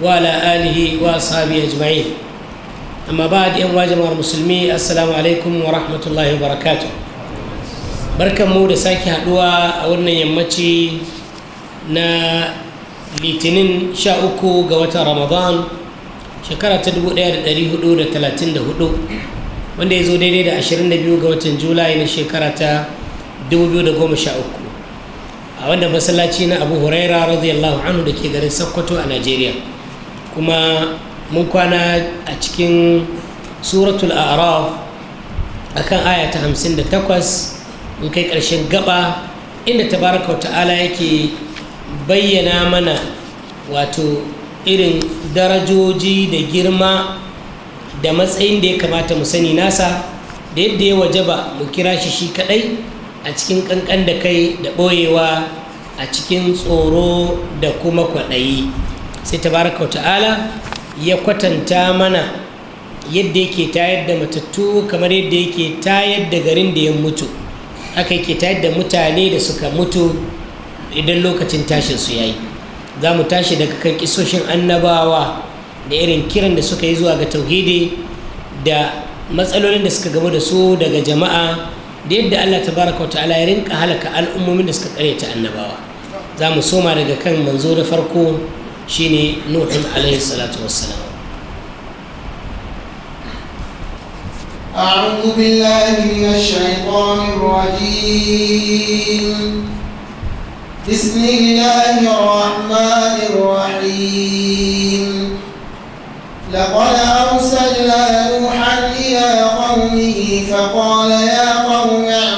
وعلى آله وأصحابه أجمعين أما بعد يا مواجمة المسلمين السلام عليكم ورحمة الله وبركاته بركة مودة ساكي هدوى أولنا يمتي نا litinin sha uku ga watan ramadan shekara ta dubu ɗaya da ɗari hudu da da wanda ya zo daidai da ashirin ga watan julai na shekara ta dubu a wanda masallaci na abu huraira radiyallahu anhu da ke garin sokoto a najeriya kuma mun kwana a cikin suratul araf akan aya ta takwas, in kai ƙarshen gaba inda tabaraka ta'ala yake bayyana mana wato irin darajoji da girma da matsayin da ya kamata mu sani nasa da yadda ya waje ba mu kira shi shi kadai a cikin kankan da kai da ɓoyewa a cikin tsoro da kuma kwaɗayi sai tabaraka ta'ala ya kwatanta mana yadda yake tayar da matattu kamar yadda yake tayar da garin da ya mutu haka yake tayar da mutane da suka mutu idan lokacin tashin su yayi za mu tashi daga kan kisoshin annabawa da irin kiran da suka yi zuwa ga tauhidi da matsalolin da suka gamu da su daga jama'a da yadda allah wata ta'ala ya rinka halaka al'ummomin da suka ta annabawa za mu soma daga kan manzo da farko شيني نوح عليه الصلاة والسلام أعوذ بالله من الشيطان الرجيم بسم الله الرحمن الرحيم لقد أرسلنا نوحا إلى قومه فقال يا قوم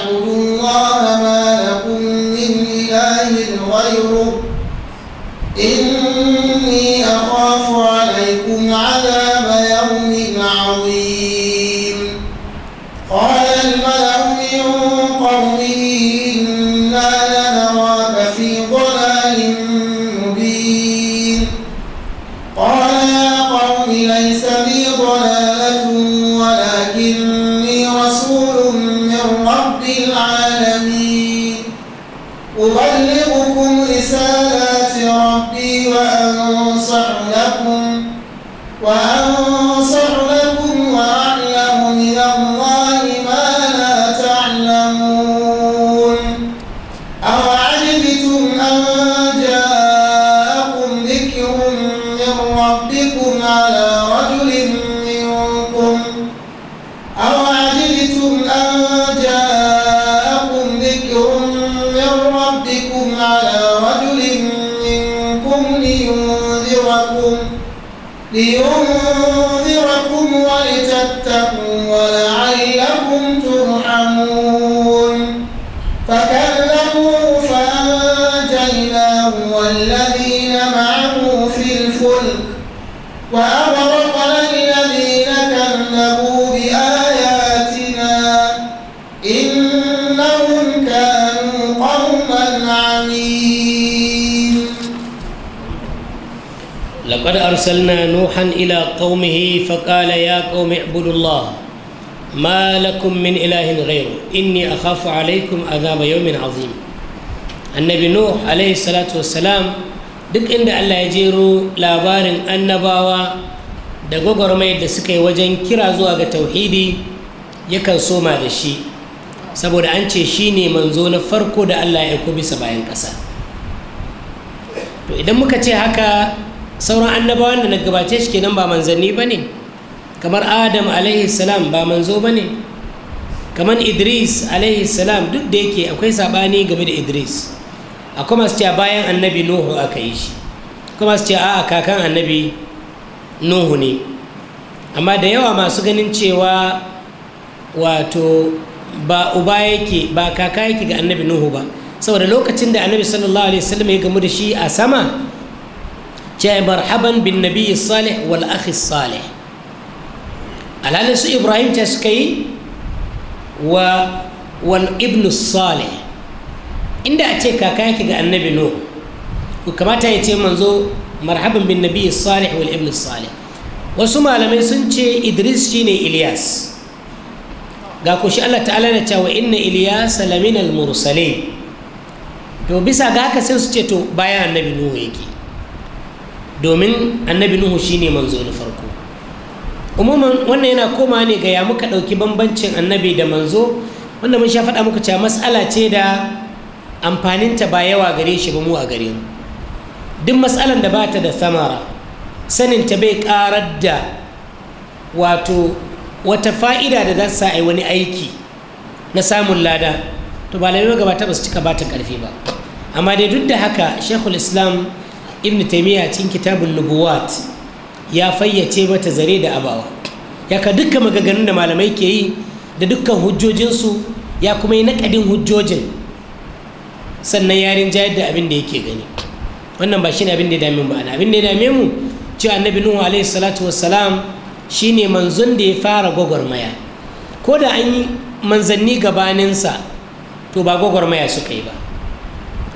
يخاف عليكم عذاب não وقد أرسلنا نوحا إلى قومه فقال يا قوم اعبدوا الله ما لكم من إله غيره إني أخاف عليكم عذاب يوم عظيم annabi nuh alaihi salatu wassalam duk inda allah ya jero labarin annabawa da gwagwarmai da suka yi wajen kira zuwa ga tauhidi yakan soma da shi saboda an ce shi ne manzo na farko da allah ya bisa bayan ƙasa to idan muka ce haka sauran annabawan da na gabace shi kenan ba manzanni ba ne kamar adam alaihi salam ba manzo ba ne kamar idris alaihi salam duk da yake akwai saɓani game da idris a kuma su ce bayan annabi nuhu aka yi shi kuma su ce a'a kakan annabi nuhu ne amma da yawa masu ganin cewa wato ba uba yake ba kaka yake ga annabi nuhu ba saboda lokacin da annabi sallallahu alaihi wasallam ya gamu da shi a sama ce marhaban bin nabi salih wal akhi salih su ibrahim ta suka yi wa wal ibnu salih inda a ce kaka yake ga annabi no kamata ya ce manzo marhaban bin nabi salih wal ibnu salih wasu malamai sun ce idris shine ilyas ga kushi Allah ta'ala na cewa inna Ilyas laminal mursalin to bisa ga haka sai su ce to bayan annabi Nuhu yake domin annabi nuhu shine manzo na farko umuman wannan yana koma ne ga ya muka ɗauki bambancin annabi da manzo wanda mun sha faɗa muka cewa matsala ce da amfaninta ba yawa gare shi ba mu a gare mu duk matsalan da bata ta da samara ta bai karar da wato wata fa'ida da za sa ai wani aiki na samun lada to ba lalai gaba ta ba su cika bata karfi ba amma dai duk da haka shekul islam ibn taimiyya cikin kitabun lubuwat ya fayyace mata zare da abawa ya ka dukkan maganganun da malamai ke yi da dukkan hujjojinsu ya kuma yi naƙadin hujjojin sannan yarin jayar da abin da yake gani wannan ba shi ne abin da ya dame mu abin da ya dame mu cewa annabi nuhu alaihi salatu wassalam shine manzon da ya fara gwagwarmaya ko da an yi manzanni gabaninsa to ba gwagwarmaya suka yi ba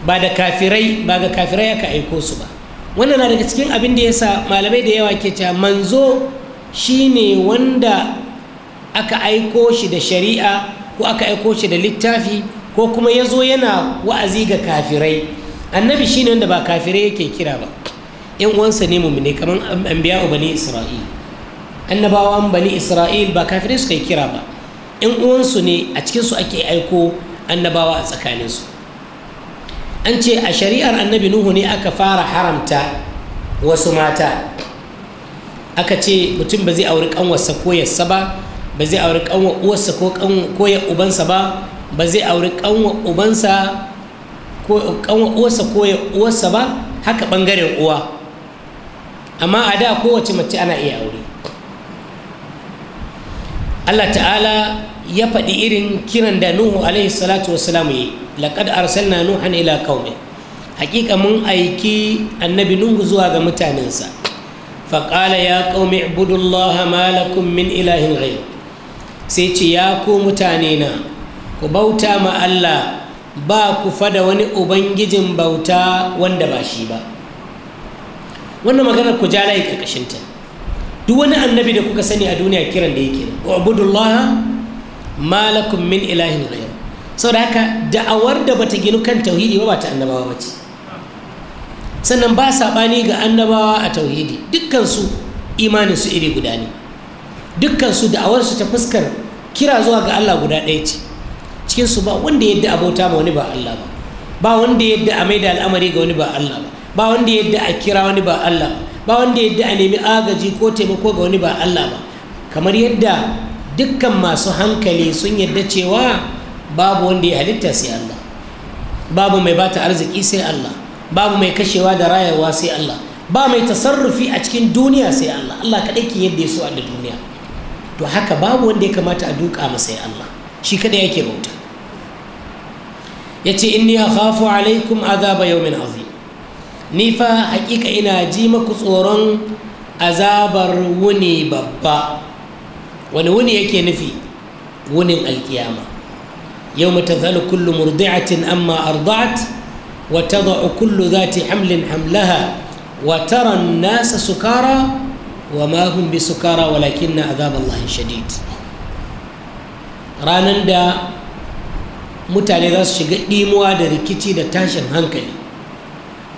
ba da kafirai ba ga kafirai aka aiko su ba wannan na daga cikin abin da ya sa malamai da yawa ke cewa manzo shine wanda aka aiko shi da shari'a ko aka aiko shi da littafi ko kuma ya zo yana wa'azi ga kafirai annabi shine wanda ba kafirai yake kira ba yan uwansa ne ne kamar wa bani isra'il annabawan bani isra'il ba kafirai suka yi kira ba yan uwansu ne a cikinsu ake aiko annabawa a tsakaninsu an ce a shari'ar annabi nuhu ne aka fara haramta wasu mata aka ce mutum ba zai auri kanwarsa ko yassa ba ba zai auri kanwar uwarsa ko ya ubansa ba ba zai auri kanwar ubansa ko uwarsa ko ya uwarsa ba haka bangaren uwa amma a da kowace mace ana iya aure Allah ta'ala ya faɗi irin kiran da nuhu alaihi salatu wasalamu yi laƙad arsalna nuhan ila kaume. haƙiƙa mun aiki annabi nuhu zuwa ga mutanensa faƙala ya qaumi ibudullaha ma lakum min ilahin ghayr sai ce ya ku mutane na ku bauta ma Allah ba ku fada wani ubangijin bauta wanda ba shi ba wannan maganar ku ja layi ƙarƙashinta duk wani annabi da kuka sani a duniya kiran da yake wa abudullaha malakum min ilahin ghayr saboda haka da'awar da bata ginu kan tauhidi ba ta annabawa ba ce sannan ba sabani ga annabawa a tauhidi imanin imaninsu iri guda ne dukkansu da'awarsu ta fuskar kira zuwa ga Allah guda ɗaya ce cikinsu ba wanda yadda abota ma wani ba Allah ba ba wanda yadda a maida al'amari ga wani ba Allah ba ba wanda yadda a kira wani ba Allah ba wanda yadda a nemi agaji ko taimako ga wani ba Allah ba kamar yadda dukkan masu hankali sun yadda cewa babu wanda ya halitta sai Allah babu mai bata arziki sai Allah babu mai kashewa da rayarwa sai Allah ba mai tasarrufi a cikin duniya sai Allah Allah kaɗai ke yadda ya so a duniya to haka babu wanda ya kamata a duka masa sai Allah shi kaɗai yake bauta ya ce inni akhafu alaikum azaba yawmin azim ni fa hakika ina ji maku tsoron azabar wuni babba wani wuni yake nufi wunin alkiyama yau mutazal kullu murdi'atin amma arda'at wa tada'u kullu zati hamlin hamlaha wa tara an-nasa sukara wa ma hum na walakinna azaballahi shadid ranan da mutane za su shiga ɗimuwa da rikici da tashin hankali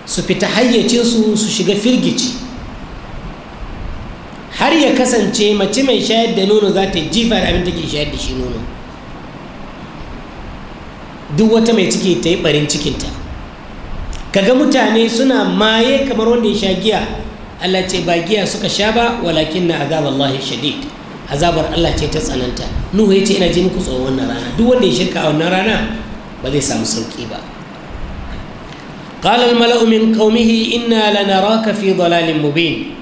su fita hayyacinsu su shiga firgici har ya kasance mace mai shayar da nono za ta jifa da abin take shayar da shi nono duk wata mai ciki ta yi barin cikinta kaga mutane suna maye kamar wanda ya sha giya Allah ce ba giya suka sha ba walakin na azab Allah shadid azabar Allah ce ta tsananta Nuhu ya ce ina ji muku tsohon wannan rana duk wanda ya shirka a wannan rana ba zai samu sauki ba قال الملأ من قومه إنا لنراك في ضلال مبين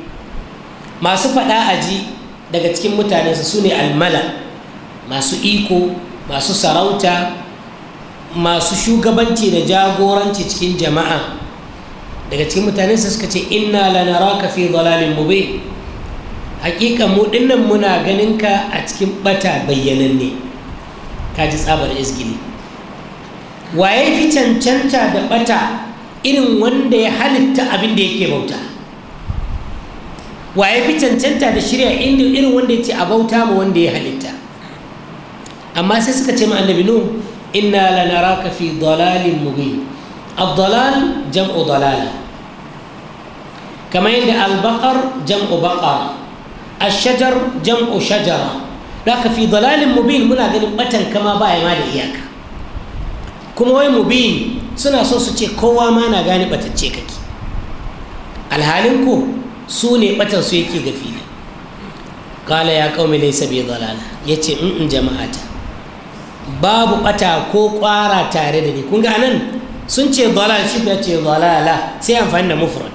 masu faɗa aji daga cikin mutanensa su ne almala masu iko masu sarauta masu shugabanci da jagoranci cikin jama'a daga cikin mutanensa suka ce inna lanaraka fi dalalin mube hakika mu dinnan muna ganin ka a cikin bata bayyananne ka ji tsabar izgili waye fi cancanta da bata irin wanda ya halitta abin da yake bauta wa ya fi cancanta da shirya inda irin wanda ya ce a bauta ma wanda ya halitta amma sai suka ce ma annabi nu inna lanaraka fi dalalin mubin ad-dalal jam'u dalal kamar yadda al-baqar jam'u baqar ash-shajar jam'u shajara haka fi dalalin mubin muna ganin batan kama ba ya ma da iyaka kuma wai mubin suna so su ce kowa ma na gane batacce kake alhalin ku su ne ɓatan su yake ga fili kala ya kaumi laysa bi ya yace in mm, in mm, jama'ata babu ɓata ko ƙwara tare da ni kun ga nan sun ce zalala shi ya ce zalala sai amfani da mufrad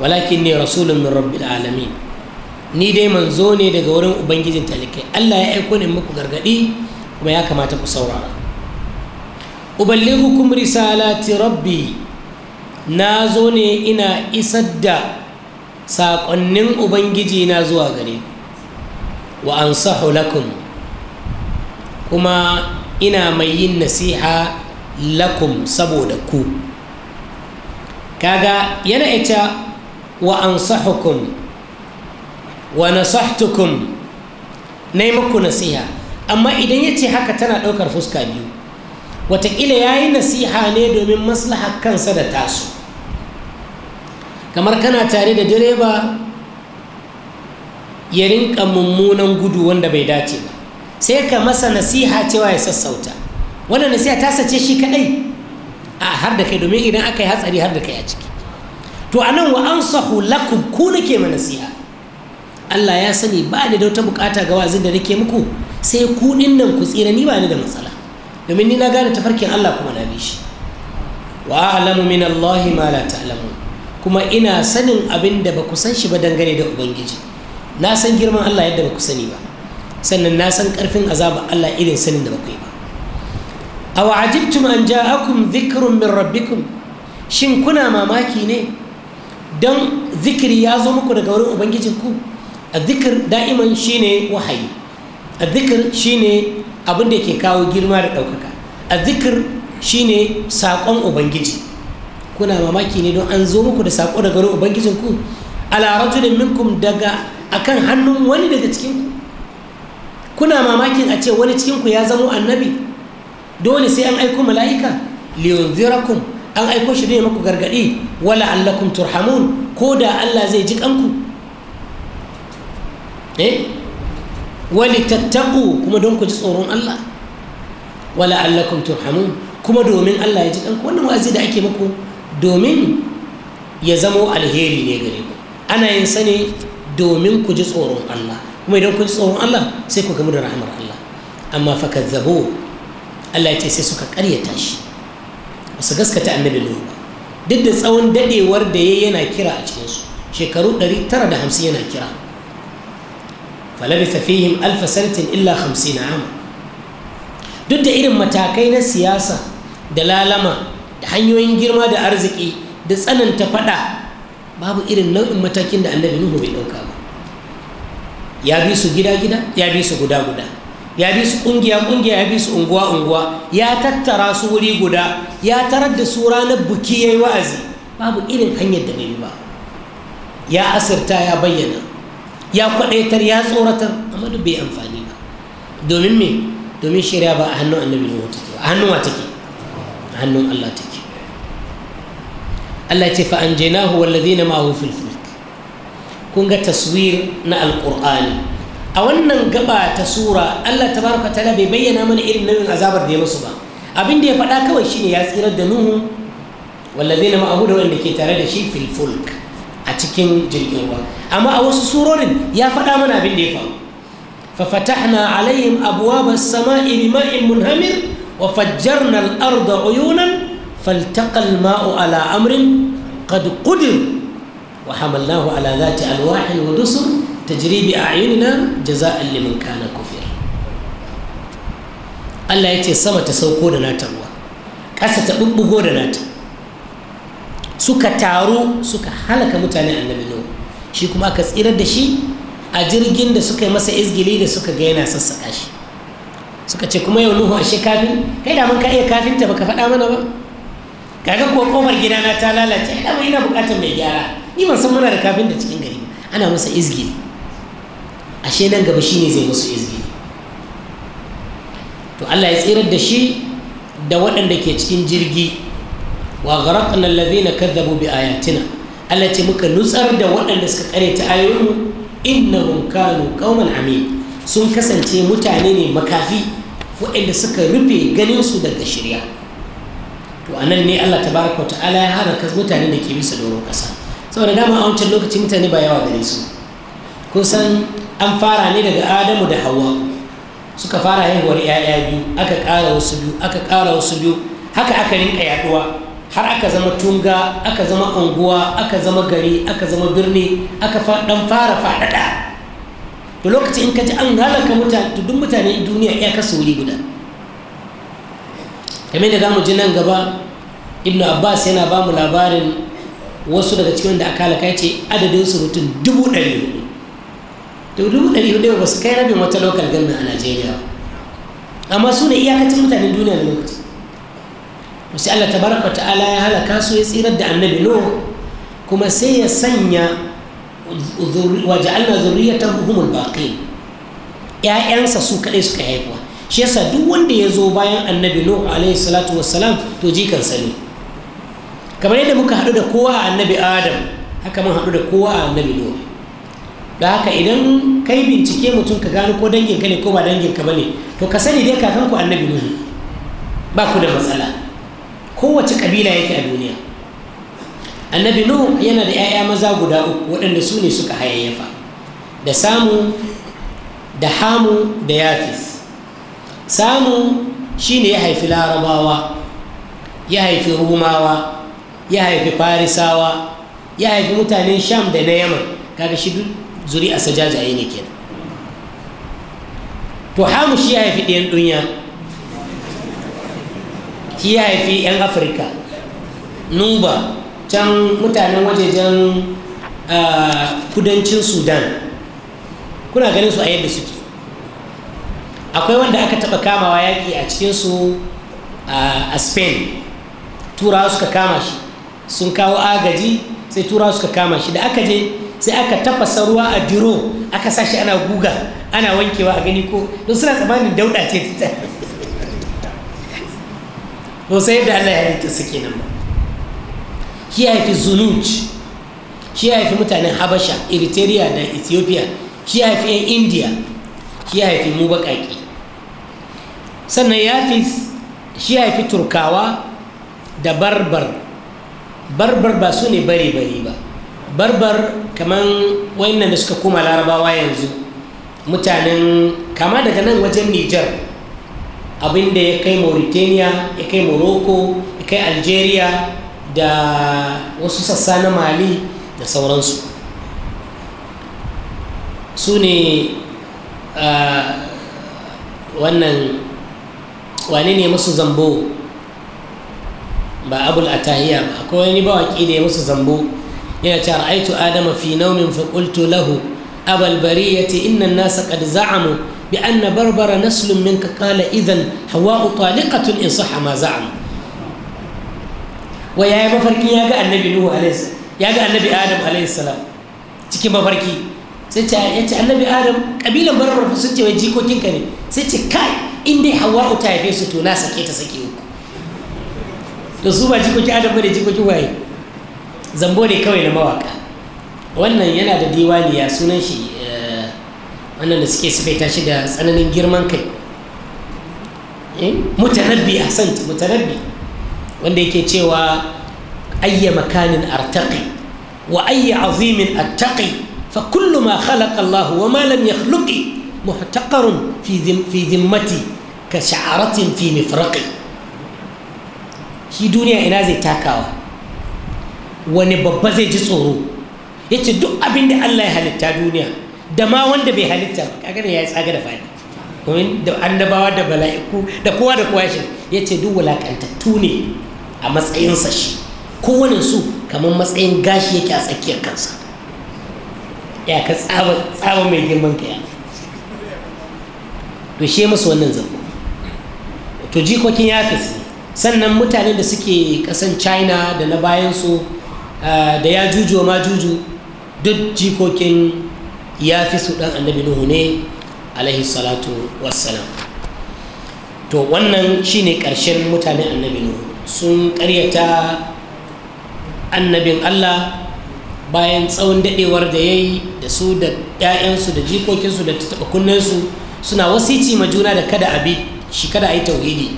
walakin ne rasulun min rabbil alamin ni dai manzo ne daga wurin ubangijin talikai Allah ya aiko ne muku gargadi kuma ya kamata ku saurara uballighukum risalati rabbi na zo ne ina isar da saƙonnin ubangiji na zuwa gare wa an lakum kuma ina mai yin nasiha lakum saboda ku kaga yana ita wa an wa nasahtukum na yi muku nasiha amma idan ya ce haka tana ɗaukar fuska biyu wataƙila ya yi nasiha ne domin maslahar kansa da tasu kamar kana tare da direba ya rinka mummunan gudu wanda bai dace ba sai ka masa nasiha cewa ya sassauta wannan nasiha ta sace shi kadai a har da kai domin idan aka yi hatsari har da kai a ciki to a nan wa sahu lakum ku nake ma nasiha Allah ya sani ba ni da wata bukata ga wazin da nake muku sai ku din nan ku tsira ni ba ni da matsala domin ni na gane tafarkin Allah kuma na bi shi wa a'lamu min Allah ma la ta'lamun kuma ina sanin abin da ba ku san shi ba dangane da ubangiji na san girman allah yadda ba ku sani ba sannan na san karfin azaba allah irin sanin da ba ku yi ba awa ajibtum an ja'akum dhikrun min rabbikum shin kuna mamaki ne don zikiri ya zo muku daga wurin ku? a zikir da'iman shine wahayi a zikir shine abin da ke kawo girma da ɗaukaka a zikir shine saƙon ubangiji kuna mamaki ne don an zo muku da sako daga wurin ubangijin ku ala rajulin minkum daga akan hannun wani daga cikin ku kuna mamakin a ce wani cikin ku ya zamo annabi dole sai an aiko mala'ika liyunzirakum an aiko shi ne maku gargadi wala allakum turhamun ko da Allah zai ji kanku eh wali tattaku kuma don ku ji tsoron Allah wala allakum turhamun kuma domin Allah ya ji kanku wannan wa'azi da ake muku domin ya zamo alheri ne gare ku ana yin sa ne domin ku ji tsoron Allah kuma idan ku ji tsoron Allah sai ku gamu da rahmar Allah amma fa kazzabu Allah ya ce sai suka karyata shi ba su gaskata annabi Nuhu ba duk da tsawon dadewar da yayi yana kira a cikin su shekaru 950 yana kira falabitha fihim alf sanatin illa 50 ama duk da irin matakai na siyasa da lalama hanyoyin girma da arziki da tsananta fada babu irin nau'in matakin da annabi nuhu bai ɗauka ba ya bi su gida gida ya bi su guda guda ya bi su kungiya kungiya ya bi su unguwa unguwa ya tattara su wuri guda ya tarar da su ranar buki ya yi wa'azi babu irin hanyar da bai ba ya asirta ya bayyana ya kwadaitar ya tsoratar amma duk bai amfani ba domin me domin shirya ba a hannun annabi nuhu take a hannun wa take a hannun allah take Allah ce fa'anjainahu wallazina ma'ahu fil fulk kun ga taswir na alqur'ani a wannan gaba ta sura Allah tabaraka ta'ala bai bayyana mana irin nau'in azabar da ya musu ba abin da ya faɗa kawai shine ya tsirar da Nuhu wallazina ma'ahu da wanda ke tare da shi fil a cikin jirgin ruwa amma a wasu surorin ya faɗa mana abin da ya faru ففتحنا عليهم أبواب السماء بماء منهمر وفجرنا الأرض عيونا فالتقى الماء على أمر قد ala وحملناه على ذات ألواح ودسر تجري بأعيننا جزاء لمن كان كفر Allah ya ce sama ta sauko da nata ruwa ta ɓuɓɓugo da nata suka taru suka halaka mutane a nuhu shi kuma aka tsirar da shi a jirgin da suka yi masa izgili da suka ga yana sassaƙa shi suka ce kuma yau nuhu ashe kafin kai da ka iya kafinta baka faɗa mana ba kaga ko gida gidana ta lalace ina mai ina bukatar mai gyara ni ban san muna da kafin da cikin gari ana masa izgi ashe nan gaba shi ne zai musu izgi to Allah ya tsirar da shi da waɗanda ke cikin jirgi wa gharaqna alladhina kadhabu bi ayatina Allah ce muka nutsar da waɗanda suka kare ta ayoyinmu innahum kanu qauman amin sun kasance mutane ne makafi waɗanda suka rufe ganin su daga shirya to anan ne allah ta tabaraka ta'ala ya haraka mutane da ke bisa doron kasa saboda dama a wancan lokaci mutane ba yawa gare su kusan an fara ne daga adamu da hawa suka fara haihuwar 'ya'ya biyu aka ƙara wasu biyu aka ƙara wasu biyu haka aka rinka yaduwa har aka zama tunga aka zama unguwa aka zama gari aka zama birni aka dan fara faɗaɗa da lokacin in ka ji an halaka mutane duk mutane duniya ya kasa wuri guda kamar da mu ji nan gaba ibnu abbas yana ba mu labarin wasu daga cikin da aka halaka ce adadin su mutum dubu ɗari hudu to dubu ɗari hudu ba su kai rabin wata lokal gamin a najeriya ba amma su ne iyakacin mutanen duniya da lokaci wasu allah baraka ta'ala ya halaka su ya tsirar da annabi no kuma sai ya sanya wa ja'alna zurriyatahu humul baqin ƴaƴansa su kaɗai suka haifuwa shi yasa duk wanda ya zo bayan annabi nuhu alaihi salatu wassalam to ji kan sani kamar yadda muka haɗu da kowa a annabi adam haka mun haɗu da kowa a annabi nuhu da haka idan kai bincike mutum ka gano ko danginka ne ko ba danginka ba ne to ka sani dai kakanku annabi nuhu ba ku da matsala kowace kabila yake a duniya annabi nuhu yana da 'ya'ya maza guda uku waɗanda su ne suka hayayyafa da samu da hamu da yafis samu shine ya haifi larabawa ya haifi rumawa ya haifi farisawa ya haifi mutanen sham da na yamma kaga shi duk zuri a sajajaye ne kenan to hamu shi ya haifi ɗayan duniya shi ya haifi 'yan afirka nuba can mutanen wajejen ah, kudancin sudan kuna ganin su a yadda suke akwai wanda aka taba kamawa yaƙi a cikinsu a spain turawa suka kama shi sun kawo agaji sai turawa suka kama shi da aka je sai aka tafasa ruwa a diro aka sashi ana guga ana wankewa a gani ko don suna tsammanin dauɗa ce ta to sai yadda allah ya ta suke nan ba shi ya haifi zunuj shi ya haifi mutanen habasha eritrea da ethiopia shi ya haifi yan india shi haifi mu baƙaƙi sannan ya fi shi ya haifi turkawa da barbar barbar ba su ne bari bari ba barbar kamar wayannan da suka koma larabawa yanzu mutanen kama daga nan wajen nijar abinda ya kai mauritaniya ya kai morocco ya kai algeria da wasu sassa na mali da sauransu su ne wannan wani ne musu zambo ba abul atahiya ba akwai wani bawaki da ya musu zambo yana ce ra'aitu adama fi naumin fa qultu lahu abal bariyati inna an-nasa qad za'amu bi na barbara naslun minka idan hawa hawa'u taliqatun in sahha ma za'am wa ya yi mafarki ya ga annabi nuhu alayhi ya ga annabi adam alayhi salam cikin mafarki sai ce ya ce annabi adam kabilan sun ce jikokin ka ne sai ce kai in dai hawa'u ta haife su to na sake ta sake uku to su ba jikokin adam ba da jikokin waye zambo ne kawai na mawaka wannan yana da diwaniya sunan shi eh, wannan da suke sifaita shi da tsananin girman kai eh, mutanabbi ahsanta mutanabbi wanda yake cewa ayya makanin artaqi wa ayya azimin attaqi فكل ما خلق الله وما لم يخلقه محتقر في في ذمتي كشعرة في مفرقي shi duniya ina zai takawa wani babba zai ji tsoro ya ce duk abin da Allah ya halitta duniya da wanda bai halitta kaga da ya fadi annabawa da kowa da kowa shi ya ce ne a matsayinsa kowane su kamar matsayin gashi yake a tsakiyar kansa ya ka tsaba mai girman ka ya to shi musu wannan zango to jikokin ya sannan mutanen da suke kasan china da na bayansu da ya juju ma juju duk jikokin ya fi su dan annabi nuhu ne alaihi salatu wassalam to wannan shine ƙarshen mutanen annabi nuhu sun ƙaryata annabin allah bayan tsawon daɗewar da ya yi da su da 'ya'yansu da jikokinsu da taɓa suna wasici ma juna da kada abi shi kada a yi tauhidi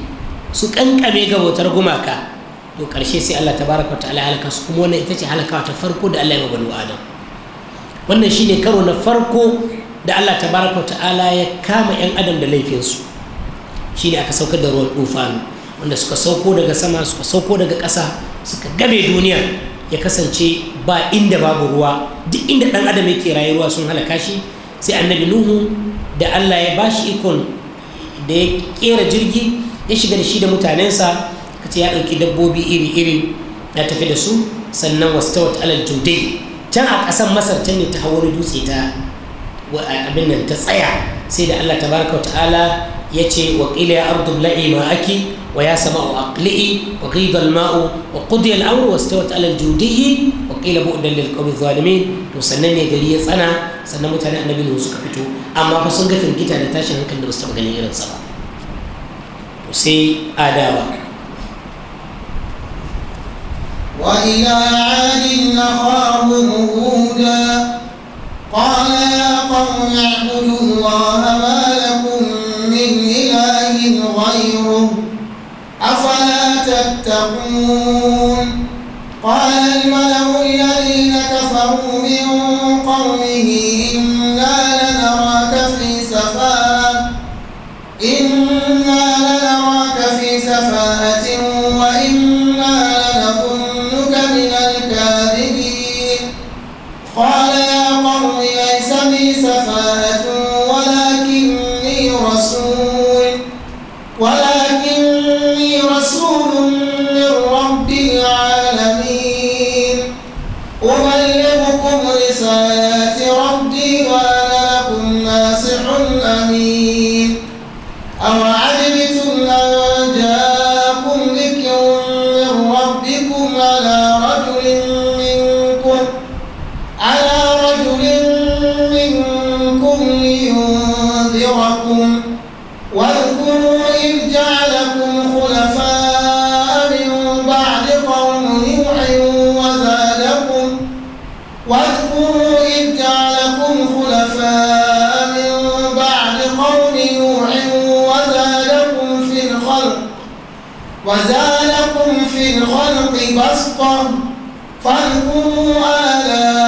su ƙanƙame ga bautar gumaka to ƙarshe sai Allah ta wata ta'ala halaka su kuma wannan ita ce halakawa ta farko da Allah ya mabalu adam wannan ne karo na farko da Allah ta wata ta'ala ya kama 'yan adam da laifinsu shi ne aka saukar da ruwan dufanu wanda suka sauko daga sama suka sauko daga ƙasa suka gabe duniya ya kasance ba inda babu ruwa duk inda ɗan adam yake raye ruwa sun halaka shi sai annabi nuhu da allah ya ba shi ikon da ya kera jirgi ya shiga da shi da mutanensa ta ya ɗauki dabbobi iri-iri ya tafi da su sannan wasu wata alal judai can a ƙasan masar can ne ta hawa wani dutse ta abin nan ta tsaya sai da allah tabaraka wa ta'ala ya ce wa ƙila ya ardu la'i ake. ويا سماء أقلئي وغيض الماء وقضي الأمر واستوت على الجودي وقيل بؤدا للقوم الظالمين وسنني غري سنة سنة متاني النبي له suka fito amma fa sun ga firgita da tashin hankali da basu taɓa ganin وإلى عاد أخاهم هودا قال يا قوم اعبدوا الله ما لكم من إله غيره أفلا تتقون قال الملأ الذين كفروا من قومه إنا لنراك في سفاهة إنا لنراك في سفاهة بسطة فاهجروا آلام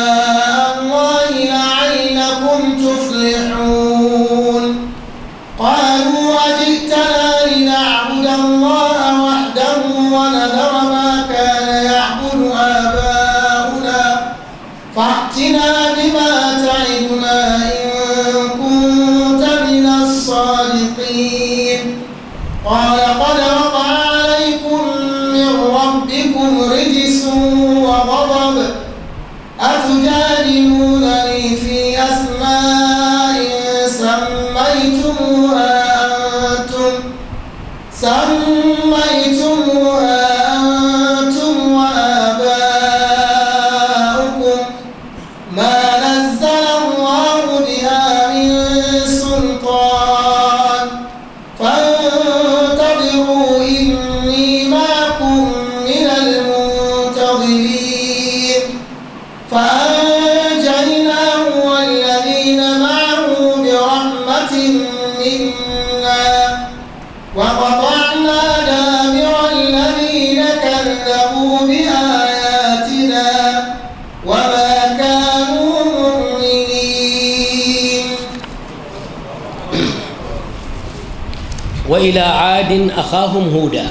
akhahum huda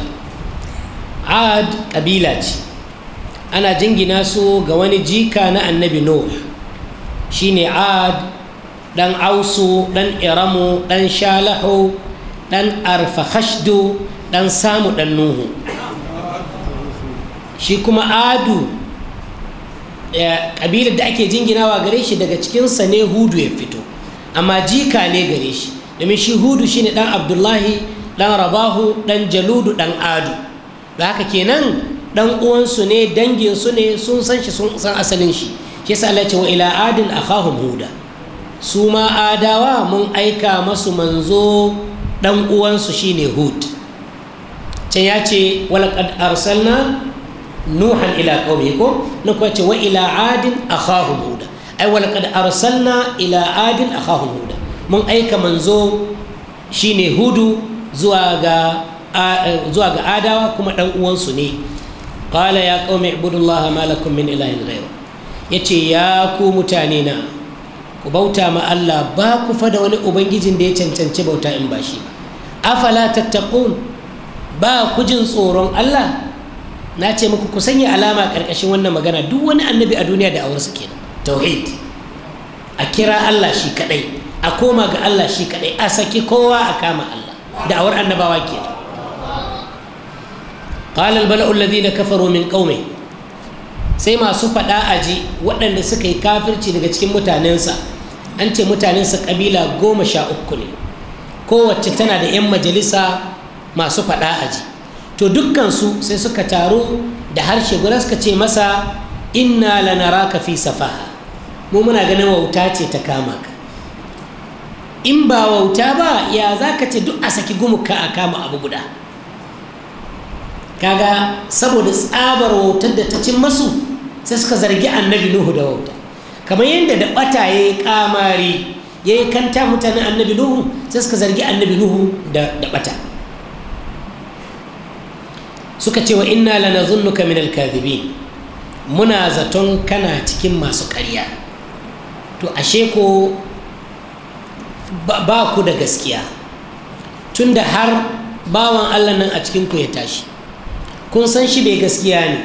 ad kabila ce ana jingina su ga wani jika na annabi nuh shine ad dan ausu dan iramu dan shalahu dan arfakhashdu dan samu dan nuhu shi kuma adu kabilar da ake jinginawa gare shi daga cikinsa ne hudu ya fito amma jika ne gare shi domin shi hudu shine dan abdullahi ɗan rabahu ɗan jaludu ɗan adu da haka kenan ɗan uwansu ne danginsu ne sun san shi sun san asalin shi shi yasa Allah ce wa ila adin akhahum huda su ma adawa mun aika masu manzo ɗan uwansu shine hud can ya ce walaqad arsalna nuhan ila qaumi ko na kuwa ce wa ila adin akhahum huda ai walaqad arsalna ila adin akhahum huda mun aika manzo shine hudu zuwa ga zuwa adawa kuma ɗan uwansu ne qala ya qaumi ibudullaha ma lakum min ilahin ghayru yace ya ku mutane na ku bauta ma Allah ba ku fa da wani ubangijin da ya cancanci bauta in ba shi afala tattaqun ba ku jin tsoron Allah na ce muku ku sanya alama karkashin wannan magana duk wani annabi a duniya da awarsa kenan tauhid a kira Allah shi kaɗai a koma ga Allah shi kaɗai a saki kowa a kama Allah da'awar annabawa ke qala al-bala'u alladhina kafaru min qaumi sai masu faɗa aji waɗanda suka yi kafirci daga cikin mutanensa an ce mutanensa ƙabila goma sha uku ne kowace tana da 'yan majalisa masu faɗa aji to dukkansu sai suka taru da harshe guda suka ce masa inna lanaraka fi safaha mu muna ganin wauta ce ta kama ka in ba wauta ba ya za ka ce duk a saki gumuka a kama abu guda kaga saboda tsabar wautar da ta cin masu sai suka zargi annabi nuhu da wauta kamar yadda da bata ya yi kamari ya yi kanta mutanen annabi nuhu sai suka zargi annabi nuhu da bata suka ce wa inna lana zunnuka min alkazibin muna zaton kana cikin masu karya to ashe ko ba ku da gaskiya tunda har bawan allah nan a cikinku ya tashi kun san shi bai gaskiya ne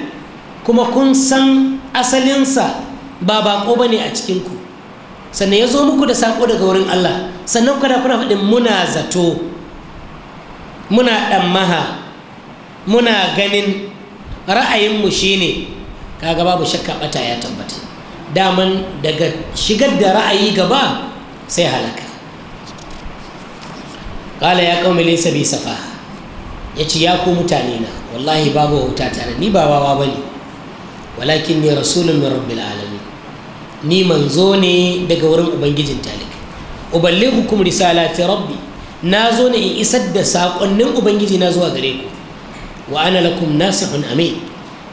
kuma kun san asalinsa ba bako ba ne a cikinku sannan ya zo muku da saƙo daga wurin allah sannan kuna kuna faɗin muna zato muna ɗammaha muna ganin ra'ayinmu shine kaga babu shakka bata ya tabbata daman daga shigar da ra'ayi gaba sai halaka ƙala ya ƙaumi laisa bi safa ya ce ya ku mutane na wallahi babu wuta tare ni ba wawa ba ne walakin ne rasulun mai rabbi alamin ni manzo ne daga wurin ubangijin talik uballighukum risalati rabbi na zo ne in isar da saƙonnin ubangiji na zuwa gare ku wa ana lakum nasihun amin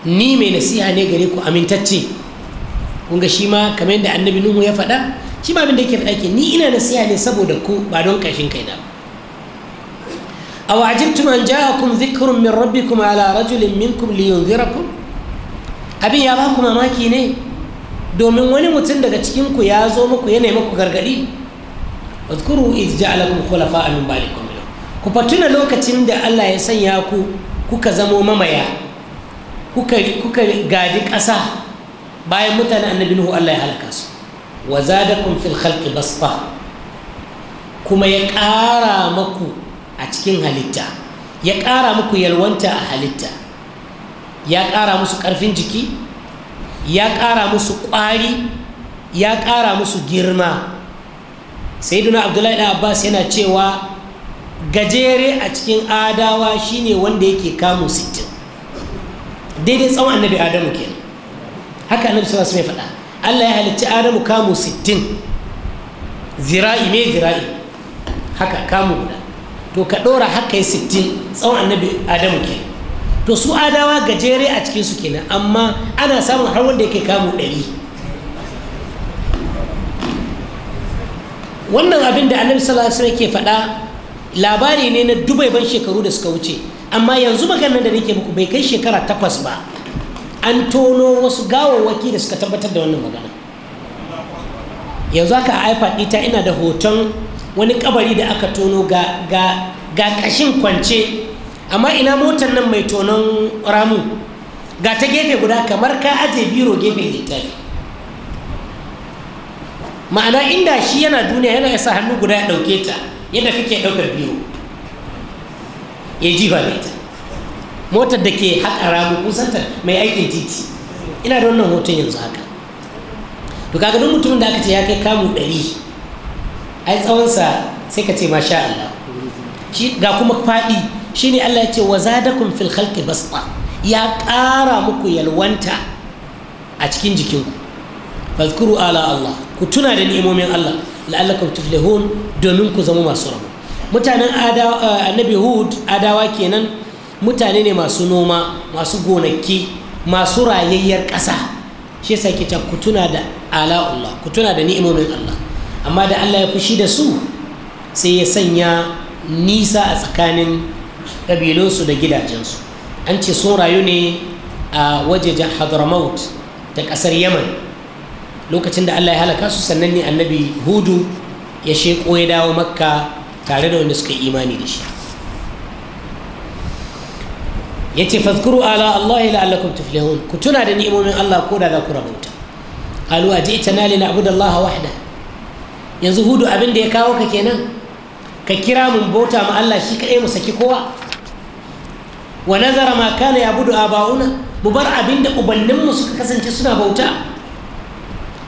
ni mai nasiha ne gare ku amintacce kun ga shi ma kamar yadda annabi nuhu ya faɗa shi ma abin da yake faɗa ke ni ina nasiha ne saboda ku ba don ƙashin kai na ba أو عجبتم أن جاءكم ذكر من ربكم على رجل منكم لينذركم أبي يا باكم أماكي ني domin wani mutum daga ku ya zo muku ya nemi ku gargadi wadkuru iz ja'alakum khulafa min ba'di qawmin ku fatuna lokacin da Allah ya sanya ku kuka zamo mamaya kuka gadi ƙasa bayan mutanen annabi Nuhu Allah ya kuma ya ƙara maku a cikin halitta ya ƙara muku yalwanta a halitta ya ƙara musu ƙarfin jiki ya ƙara musu ƙwari ya ƙara musu girma duna abdullahi da abbas yana cewa gajere a cikin adawa shine wanda yake kamun sittin daidai tsawon annabi adamu ke haka annabi sallallahu mai faɗa allah ya halicci adamu kamun sittin zira'i mai zira'i haka kamun guda to ka ɗora haka yi sittin tsawon annabi adamu ke to su adawa gajere a cikin su kenan amma ana samun har wanda yake kamu ɗari wannan abin da annabi sallallahu alaihi wasallam ke faɗa labari ne na dubai ban shekaru da suka wuce amma yanzu maganar da nake muku bai kai shekara takwas ba an tono wasu gawawwaki da suka tabbatar da wannan magana yanzu haka a ipad ita ina da hoton wani kabari da aka tono ga kashin kwance amma ina motar nan mai tonon ramu ga ta gefe guda kamar ka aje biro gefe littafi ma'ana inda shi yana duniya yana yasa hannu guda ya dauke ta yadda kake ɗaukar biro ya ji da motar da ke haka ramu kusanta mai aikin titi ina da wannan hoton yanzu haka to kaga duk mutumin da aka ce ya kai kamu ɗari ai tsawonsa sai ka ce masha Allah ga kuma faɗi shine Allah ya ce wa zadakum fil khalqi basta ya ƙara muku yalwanta a cikin jikinku fazkuru ala Allah ku tuna da ni'imomin Allah la'allakum tuflihun domin ku zama masu rabo mutanen eh, annabi hud adawa kenan mutane ne masu noma masu gonaki masu rayayyar ƙasa shi yasa ke ku tuna da ala Allah ku tuna da ni'imomin Allah amma da allah ya fushi da su sai ya sanya nisa a tsakanin ƙabilunsu da gidajensu an ce sun rayu ne a wajejen hadramaut da ƙasar yaman lokacin da allah ya halaka su sannan ne annabi hudu ya sheko ya dawo makka tare da wanda suka yi imani da shi ya ce fadkuru ala allahi la'allakum tuflihun ku tuna da ni'imomin allah ko da za ku rabauta qalu aji'tana lina abudallaha wahda yanzu hudu abin da ya kawo ka kenan ka kira mun bauta ma Allah shi kaɗai mu saki kowa wa nazara ma kana ya budu abauna mu bar abin da ubanninmu suka kasance suna bauta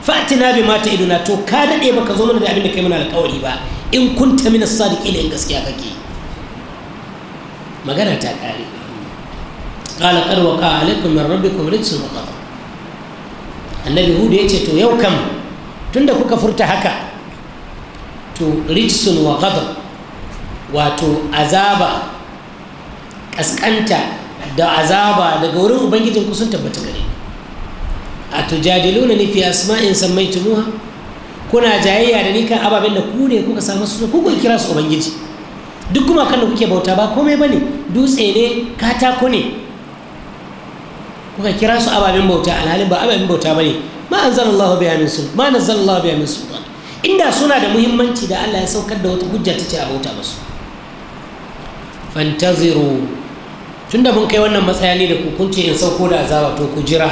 fatina bi mata iduna to ka daɗe ka zo mana da abin da kai mana alƙawari ba in kunta min sadiqina in gaskiya kake magana ta ƙare wa قد وقع عليكم من ربكم qadar annabi hudu yace to yau kam tunda kuka furta haka to rijsun wa ghadab wato azaba kaskanta da azaba daga wurin ubangijin ku sun tabbata gare a jadiluna ni fi asma'in sammaitumuha kuna jayayya da ni kan ababen da ku ne kuka samu su ku kira su ubangiji duk kuma kan da kuke bauta ba komai bane dutse ne katako ne kuka kira su ababen bauta alhalin ba ababen bauta bane ma anzalallahu biha min sultan ma nazzalallahu biha min ba. inda suna da muhimmanci da Allah ya saukar da wata hujja ta ce a bauta musu fantaziru tunda mun kai wannan matsaya ne da ku kun ce in sauko da azaba to ku jira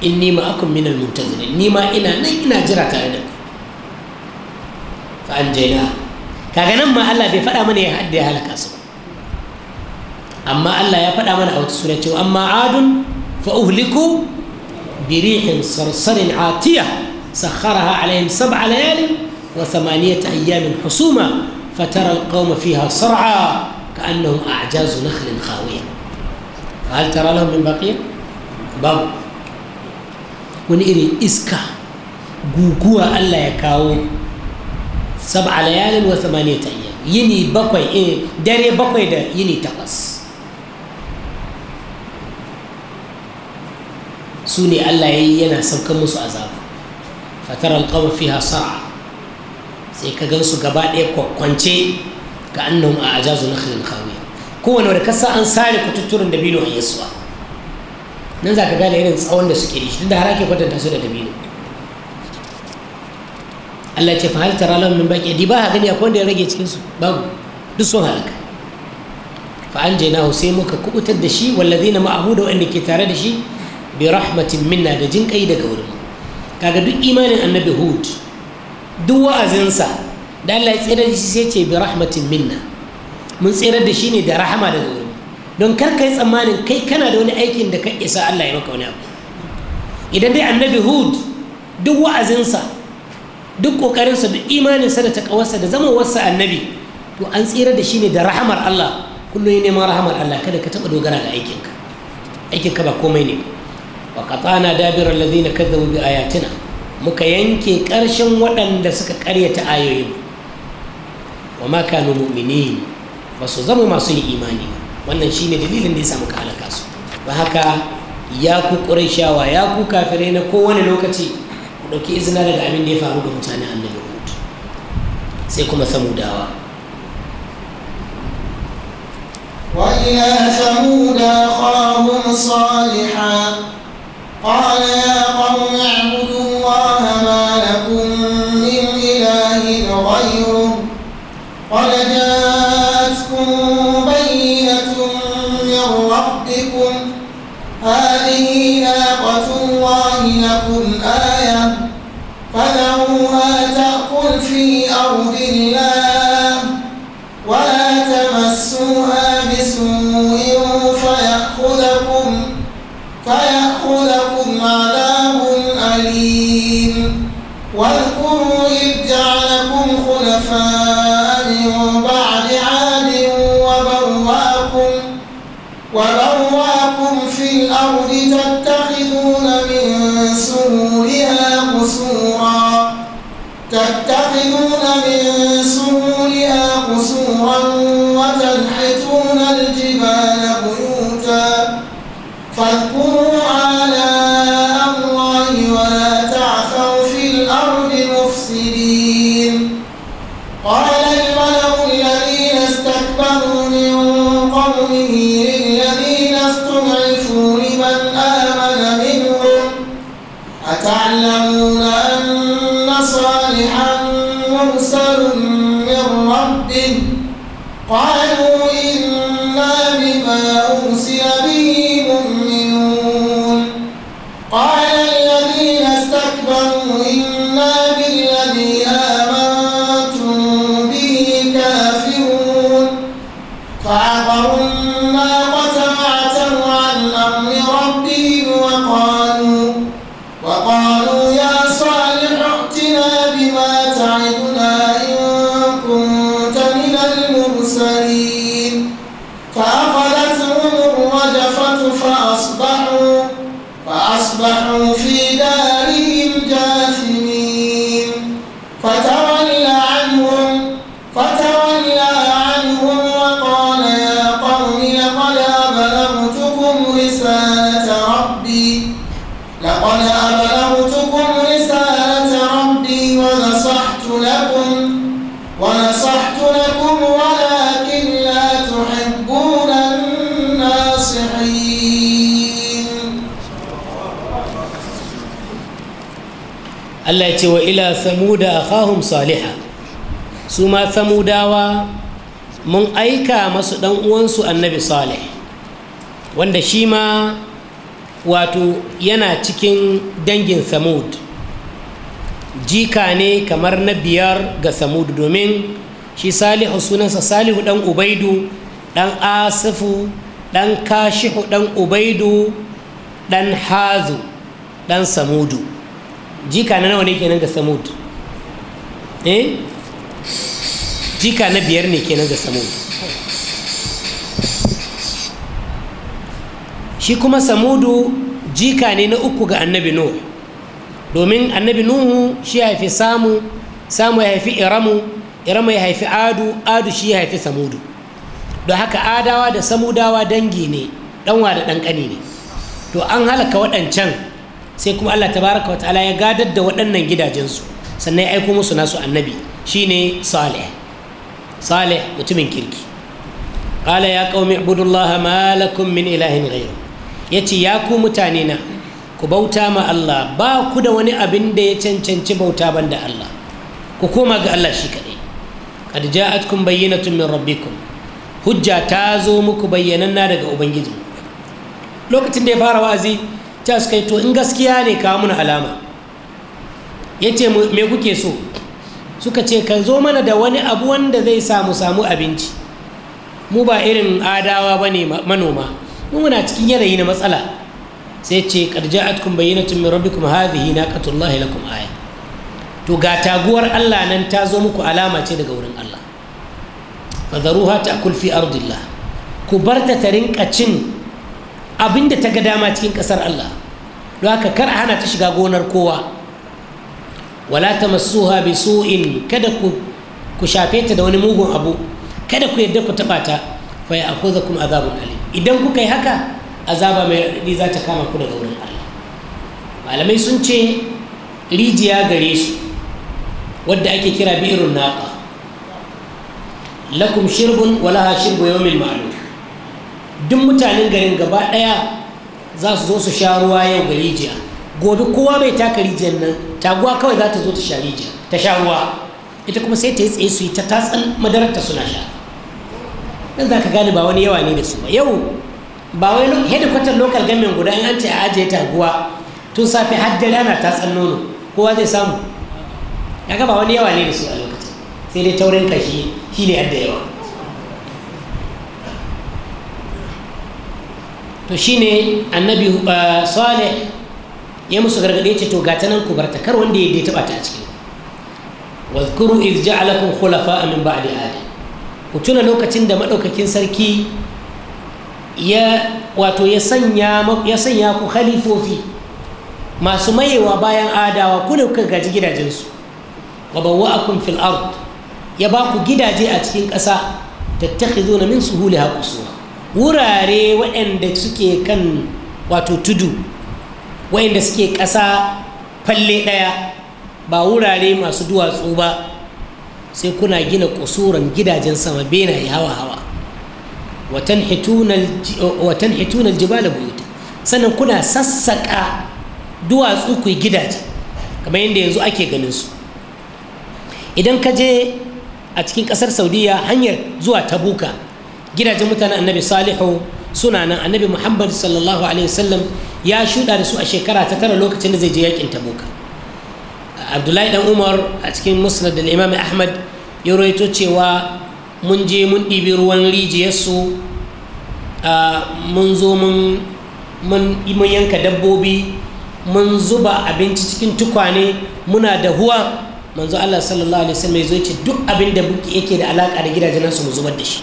in nima akun minal muntazirin ni ma ina nan ina jira tare da ku fa kaga nan ma Allah bai faɗa mana ya hadda ya halaka su amma Allah ya faɗa mana a wata sura cewa amma adun fa uhliku birihin sarsarin atiya سخرها عليهم سبع ليال وثمانية أيام حسوما فترى القوم فيها صرعى كأنهم أعجاز نخل خاوية فهل ترى لهم من بقية؟ باب ونئري إسكا قوقوة ألا يكاوي سبع ليال وثمانية أيام يني بقوي إيه داري بقوي دا يني تقص سوني ألا ينا سوكا مصو أزافو fatara alqabr fiha sar'a sai ka gansu gaba ɗaya kwakwance ga annahum a ajazu na khawiya kowane wanda kasa an sare kututturin dabino a yasuwa nan za ka gane irin tsawon da suke da shi har kwatanta su da dabino Allah ce fa hal tara lahum min baqi di ba ha gani akwai wanda ya rage cikin su babu duk sun halaka fa anjaynahu sai muka kubutar da shi wallazina ma'ahu da inda ke tare da shi bi rahmatin minna da jinkai daga wurin mu kaga duk imanin annabi hud duk wa'azinsa da Allah ya tsira da shi sai ce bi rahmatin minna mun tsira da shi ne da rahama daga wurin don kar kai tsammanin kai kana da wani aikin da ka isa Allah ya maka wani abu idan dai annabi hud duk wa'azinsa duk ƙoƙarinsa duk imaninsa da ta takawarsa da zama wasa annabi to an tsira da shi ne da rahamar Allah kullum ya neman rahamar Allah kada ka taba dogara ga aikinka aikinka ba komai ne ba wa qatana dabira alladhina kadzabu bi ayatina muka yanke ƙarshen waɗanda suka ƙaryata ayoyin wa ma kanu mu'minin ba su zama masu yin imani ba wannan shine dalilin da ya samu ka halaka su ba haka ya ku ƙurashawa ya ku kafirai na kowane lokaci ku ɗauki izina daga abin da ya faru da mutanen annabi hutu sai kuma samudawa وإلى ثمود أخاهم صالحا قال يا قوم اعبدوا علينا بما تعظ ce wa ila samuda akhahum saliha su ma samudawa mun aika masu dan uwansu annabi salih wanda shi ma wato yana cikin dangin samud jika ne kamar na biyar ga samud domin shi salihu sunansa salihu dan ubaidu dan asifu dan kashihu dan ubaidu dan hazu dan samudu jika na nawa ne kenan ga samud eh jika na biyar ne kenan ga samud shi kuma samudu jika ne na uku ga annabi nuhu domin annabi nuhu shi ya haifi samu samu ya haifi iramu iramu ya haifi adu adu shi ya haifi samudu don haka adawa da samudawa dangi ne ɗanwa da ɗanƙani ne to an halaka waɗancan sai kuma Allah tabaraka wa ta'ala ya gadar da waɗannan gidajensu sannan ya aiko musu nasu annabi shine salih salih mutumin kirki qala ya qaumi ibudullaha ma lakum min ilahin Ya yace ya ku mutane na ku bauta ma Allah ba ku da wani abin da ya cancanci bauta banda Allah ku koma ga Allah shi kadai qad bayyana tun min rabbikum hujja ta zo muku na daga ubangiji lokacin da ya fara wa'azi ta su kai to in gaskiya ne kawo mana alama ya ce me kuke so suka ce ka zo mana da wani abu wanda zai samu samu abinci mu ba irin adawa ba ne manoma mu muna cikin yanayi na matsala sai ce karja'atkum bayyinatun min rabbikum hadhihi naqatullahi lakum aya to ga taguwar Allah nan ta zo muku alama ce daga wurin Allah fadharuha a kulfi ardillah ku barta ta rinka cin abinda ta ga dama cikin ƙasar Allah don haka kar a hana ta shiga gonar kowa wala ta masuha bi su'in kada ku shafe ta da wani mugun abu kada ku yadda ku taɓa ta fa ya akwai zakun azabun alim idan kuka yi haka azaba mai raɗaɗi za ta kama ku daga wurin Allah malamai sun ce rijiya gare shi wadda ake kira bi'irun naqa lakum shirbun walaha shirbu yawmin ma'lum duk mutanen garin gaba ɗaya za su zo su sha ruwa yau ga rijiya gobe kowa mai taka rijiyar nan taguwa kawai za ta zo ta sha rijiya ta sha ruwa ita kuma sai ta yi tsaye su yi ta tatsan madararta suna sha dan za ka gane ba wani yawa ne da su ba yau ba wai hedikwatar lokal gamin guda in an ce a ajiye taguwa tun safe har dare ana tatsan nono kowa zai samu ya ba wani yawa ne da su a lokacin sai dai taurin kashi shi ne yadda yawa to shine annabi uh, salih ya musu gargaɗe ce to gata nan ku barta kar wanda ya taɓa ta a cikin wazkuru iz ja'alakum khulafa min ba'di adi ku tuna lokacin da madaukakin sarki ya wato ya sanya ya sanya ku khalifofi masu mayewa bayan adawa ku ne kuka gaji gidajensu wa bawwa'akum fil ard ya ba ku gidaje a cikin ƙasa tattakhizuna min suhuliha qusura wurare waɗanda suke kan wato tudu waɗanda suke ƙasa falle ɗaya ba wurare masu duwatsu ba sai kuna gina ƙusuran gidajen sama ya hawa-hawa watan hitunan jibala buyuta sannan kuna sassaƙa duwatsu ku gidaje kamar yadda yanzu ake ganin su idan ka je a cikin ƙasar saudiya hanyar zuwa tabuka gidajen mutanen annabi salihu suna nan annabi muhammad sallallahu alaihi wasallam ya shuɗa da su a shekara ta tara lokacin da zai je yakin tabuka abdullahi dan umar a cikin musnad da imam ahmad ya rawaito cewa mun je mun ɗibi ruwan rijiyarsu mun zo mun yanka dabbobi mun zuba abinci cikin tukwane muna da huwa manzo allah sallallahu alaihi wasallam ya zo ce duk abin da buki yake da alaƙa da gidajen nasu mu zubar da shi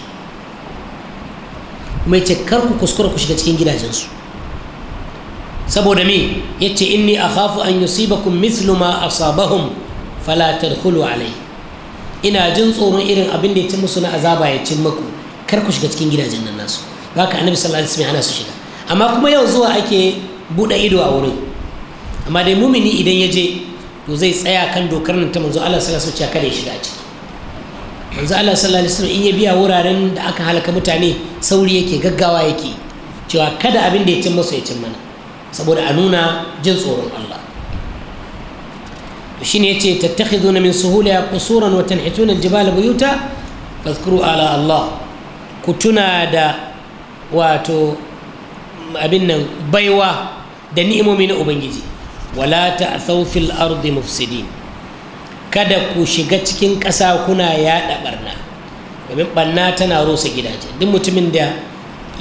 kuma ya ce kar ku kuskura ku shiga cikin gidajensu saboda me ya ce inni akhafu an yusibakum mithlu ma asabahum fala tadkhulu alai ina jin tsoron irin abin da ya ci musu na azaba ya cin maku kar ku shiga cikin gidajen nan nasu ka annabi sallallahu alaihi wasallam ana su shiga amma kuma yau zuwa ake buɗe ido a wurin amma dai mumini idan ya je to zai tsaya kan dokar nan ta manzo Allah sallallahu alaihi wasallam kada ya shiga ciki yanzu Allah sallallahu alaihi wasallam in ya biya wuraren da aka halaka mutane sauri yake gaggawa yake cewa kada abin da ya cin masa ya cin mana saboda a nuna jin tsoron Allah to shine yace tattakhiduna min suhuliha qusuran wa tanhituna al-jibala buyuta fadhkuru ala Allah ku tuna da wato abin nan baiwa da ni'imomi na ubangiji wala ta'thaw fil ardi mufsidin kada ku shiga cikin ƙasa kuna yaɗa ɓarna domin ɓarna tana rusa gidaje duk mutumin da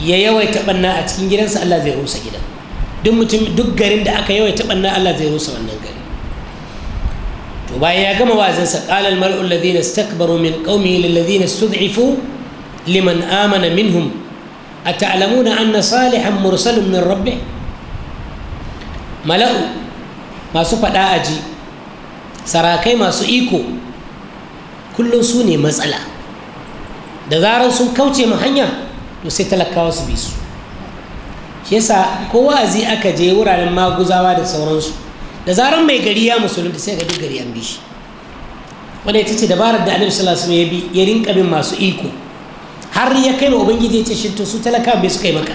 ya yawaita ɓarna a cikin gidansa Allah zai rusa gidan duk mutum duk garin da aka yawaita ɓarna Allah zai rusa wannan gari to bayan ya gama wa'azinsa qala al mal'u alladhina istakbaru min qaumihi lil ladhina istud'ifu liman amana minhum ata'lamuna anna salihan mursalun min rabbih mala'u masu faɗa aji sarakai masu iko kullum su ne matsala da zarar sun kauce mu hanya to sai talakawa su bi su shi yasa ko wa'azi aka je wuraren maguzawa da sauransu da zarar mai gari ya musulunta sai ga duk gari an bi shi wanda ita ce dabarar da annabi sallallahu alaihi wasallam ya bi ya rinka bin masu iko har ya kai ma ubangiji ya ce shi to su talakawa bai suka yi maka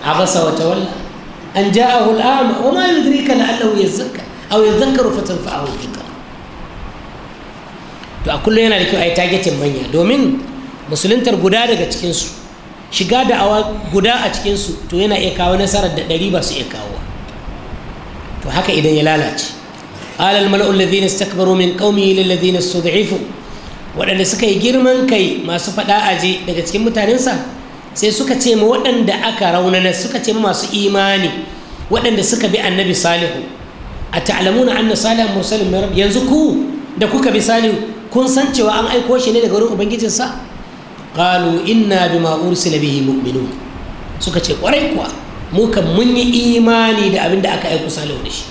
basa wata walla an ja'ahu al'ama wa ma yudrika la'allahu yazakka aw yadhakkaru fatanfa'ahu ka to a kullum yana da kyau a yi tagetin manya domin musuluntar guda daga cikinsu shiga da awa guda a cikinsu to yana iya kawo nasarar da ɗari ba su iya kawo to haka idan ya lalace alal mala'ul ladhina istakbaru min qaumihi lil ladhina istud'ifu waɗanda suka yi girman kai masu faɗa aje daga cikin mutanensa sai suka ce ma waɗanda aka raunana suka ce ma masu imani waɗanda suka bi annabi salihu a ta'lamuna anna salihan mursalin min rabbi yanzu ku da kuka bi salihu kun san cewa an aiko shi ne daga wurin ubangijinsa qalu inna bima ursila bihi mu'minun suka ce kwarai kuwa mu kan mun yi imani da abin da aka aiko salihu da shi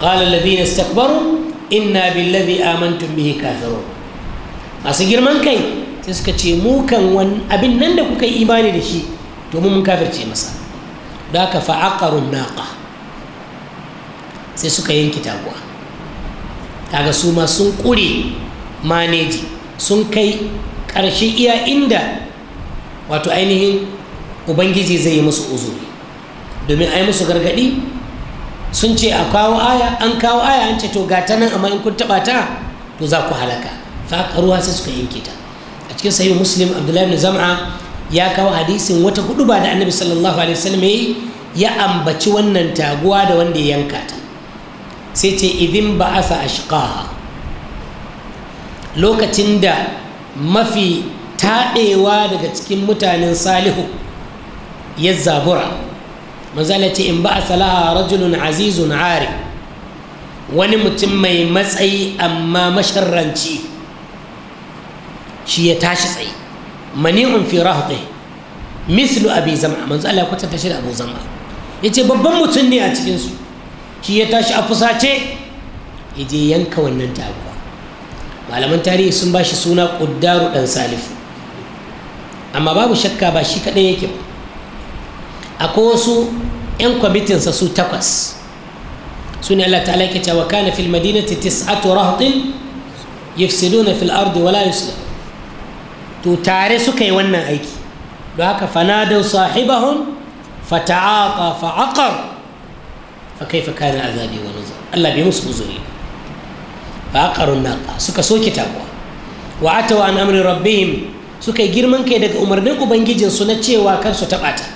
qala alladhina istakbaru inna billadhi amantum bihi kafirun masu girman kai sai suka ce mu kan abin nan da kuka yi imani da shi to mun kafirce masa da ka fa'aqarun naqa sai suka yanki taguwa kaga su ma sun ƙure maneji sun kai ƙarshe iya inda wato ainihin ubangiji zai yi musu uzuri domin ai musu gargadi sun ce a kawo aya an kawo aya an ce to gata nan amma in kun taɓa ta to za ku halaka fa ruwa sai suka yanke ta a cikin sahihu muslim abdullahi ibn zam'a ya kawo hadisin wata hudu ba da annabi sallallahu alaihi wasallam ya ambaci wannan taguwa da wanda ya yanka ta sai ce idin ba a sa lokacin da mafi taɗewa daga cikin mutanen salihu ya zabura mazala ce in ba a salaha rajulun azizun ari wani mutum mai matsayi amma masharranci shi ya tashi tsaye mani'un fi rahdi mislu abi zama manzo Allah kwatanta shi da abu zama yace babban mutum ne a cikinsu. shi ya tashi a fusace ya je yanka wannan taguwa malaman tarihi sun ba shi suna ƙuddaru ɗan salifu amma babu shakka ba shi kaɗai yake ba akwai wasu 'yan kwamitinsa su takwas su ne allah ta'ala ke cewa kana fil madinati tis'atu rahtin yafsiduna fil ardi wala yusla to tare suka yi wannan aiki don haka fanadau sahibahum fata'aqa fa'aqar fa kaifa kana azabi wa nuzur Allah bai musu uzuri fa aqarun naqa suka soke taguwa wa atawa an amri rabbihim suka yi girman kai daga umarnin ubangijin su na cewa kan su taɓa ta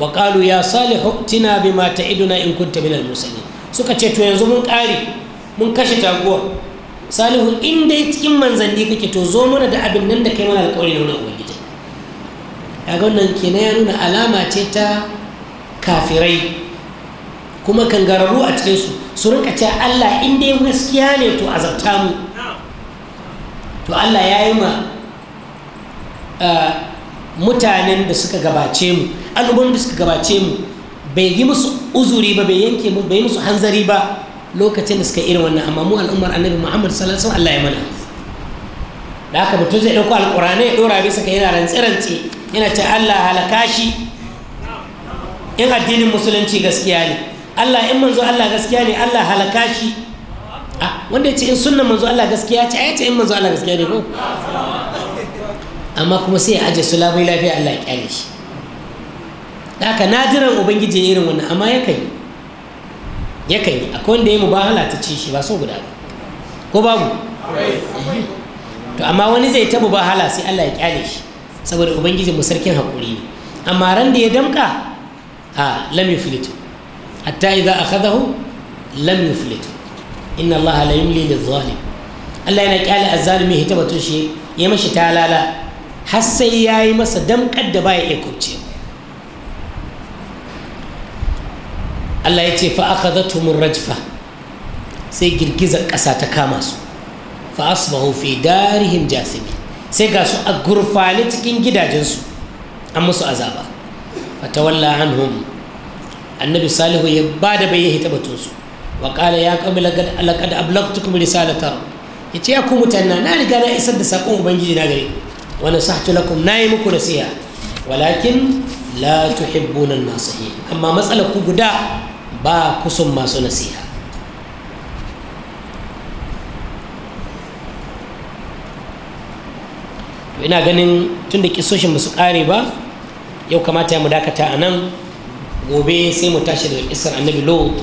wa qalu ya salihu tina bima ta'iduna in kunta minal musallin suka ce to yanzu mun kare mun kashe taguwa salihu in dai cikin manzanni kake to zo mana da abin nan da kai mana alƙawari na wannan ubangiji kaga wannan kenan ya nuna alama ce ta kafirai kuma kangararru a cikinsu su rinka cewa Allah in dai gaskiya ne to azabta mu to Allah ya yi ma mutanen da suka gabace mu al'ummar da suka gabace mu bai yi musu uzuri ba bai yanke mu bai musu hanzari ba lokacin da suka irin wannan amma mu al'ummar annabi Muhammad sallallahu alaihi wasallam Allah ya mana da haka mutum zai dauko alqur'ani ya dora bisa saka yana rantsi rantsi yana ce Allah halaka shi in addinin musulunci gaskiya ne Allah in manzo Allah gaskiya ne Allah halaka shi wanda ya ce in sunnan manzo Allah gaskiya ce ya ce in manzo Allah gaskiya ne ko amma kuma sai ya aje su labai lafiya Allah ya kyale shi haka nadiran ubangiji irin wannan amma yakan yi ya kai akwai wanda ya mubahala ta ci shi ba so guda ba ko babu to amma wani zai ta mubahala sai Allah ya kyale shi saboda ubangiji mu sarkin hakuri ne amma ran da ya damka a lamifilitu hatta idza akhadahu lam yuflit inna allaha la yumli lil zalim Allah yana kyale azzalimi ya taba shi ya mashi talala har sai yayi masa damkar da baya iya kubce Allah ya ce fa akhadathum rajfa sai girgizar ƙasa ta kama su fa asbahu fi darihim jasimi sai ga su a gurfane cikin gidajensu an musu azaba fatawalla anhum annabi salihu ya ba da bai ya batun su wa qala ya qawmi laqad ablagtukum yace ya ku mutanna na riga na isar da sakon ubangiji na gare ku wa nasahtu lakum nayi muku nasiha walakin la nan an-nasihin amma matsalar ku guda ba kusan masu nasiha ina ganin tun da kisoshin ba su ƙare ba yau kamata mu dakata a nan gobe sai mu tashi daga kisar annabi lot